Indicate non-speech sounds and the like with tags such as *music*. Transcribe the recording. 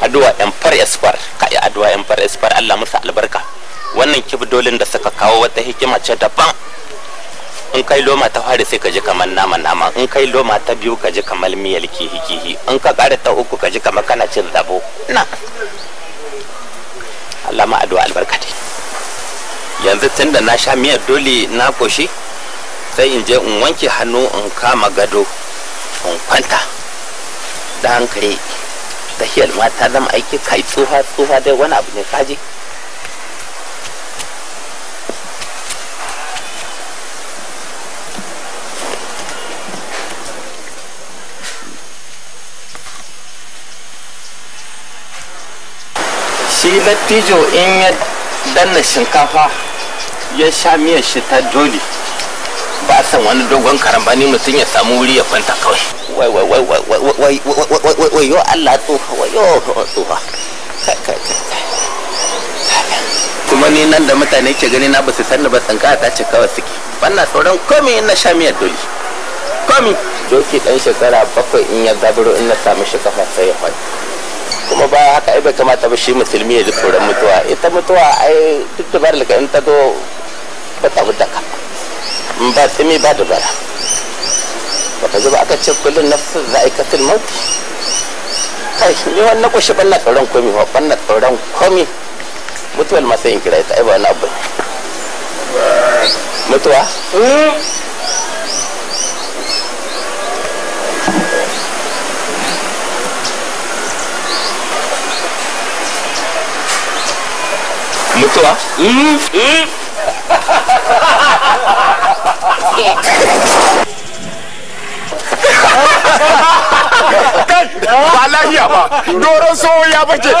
addu'a yan far esfar ka yi addu'a yan far esfar Allah musa albarka wannan kibdolin da suka kawo wata hikima ce daban in kai loma ta fari sai ka ji kamar nama nama in kai loma ta biyu ka ji kamar miyar kihi kihi in ka kare ta uku ka ji kamar kana cin zabo na Allah ma addu'a albarka dai yanzu tun da na sha miyar dole na koshi sai in je in wanke hannu in kama gado in kwanta da hankali tashiyar ma ta zama aiki kai tsufa tsufa dai wani abu ne kaji shi tijo in ya danna shinkafa ya sha miyar shi ta dole ba san wani dogon karambani mutum ya samu wuri ya kwanta kawai wai wai wai wayo Allah tsufa wayo tsufa kuma ni nan da mutane ke gani na ba su sanna ba tsanka ta ce kawai suke wannan sauran komi na sha miyar doli komi doki dan shekara bakwai in ya zaburo in na samu shi kafa sai ya faɗi kuma ba haka ai bai kamata ba shi musulmi ya ji tsoron mutuwa ita mutuwa ai duk da bar in ta zo ba ta wuta ka ba tsimi ba dubara وكذا aka ce kullum nafsu za'ikatul maut kai ni wannan kushi ban na tsoron komi ba ban na tsoron komi mutuwar masu yin kira ita ai ba wani abu mutuwa mutuwa Mm-hmm. ba lafiya ba doron so ya bace *laughs*